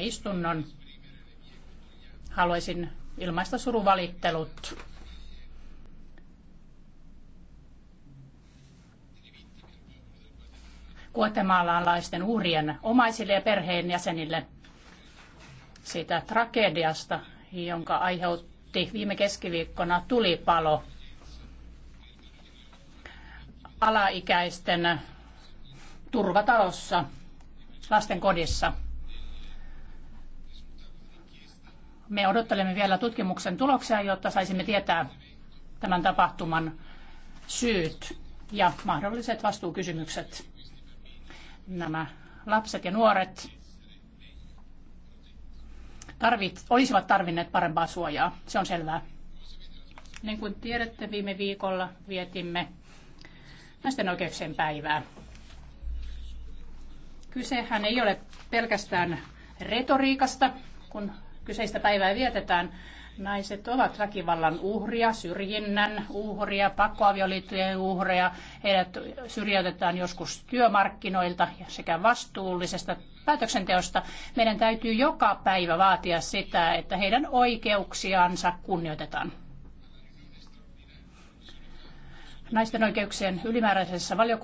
istunnon. Haluaisin ilmaista suruvalittelut Kuotemaalaalaisten uhrien omaisille ja perheenjäsenille siitä tragediasta, jonka aiheutti viime keskiviikkona tulipalo alaikäisten turvatalossa lasten kodissa. Me odottelemme vielä tutkimuksen tuloksia, jotta saisimme tietää tämän tapahtuman syyt ja mahdolliset vastuukysymykset. Nämä lapset ja nuoret tarvit, olisivat tarvinneet parempaa suojaa. Se on selvää. Niin kuin tiedätte, viime viikolla vietimme naisten oikeuksien päivää. Kysehän ei ole pelkästään retoriikasta, kun kyseistä päivää vietetään, naiset ovat väkivallan uhria, syrjinnän uhria, pakkoavioliittojen uhria. Heidät syrjäytetään joskus työmarkkinoilta sekä vastuullisesta päätöksenteosta. Meidän täytyy joka päivä vaatia sitä, että heidän oikeuksiansa kunnioitetaan. Naisten oikeuksien ylimääräisessä valiokunnassa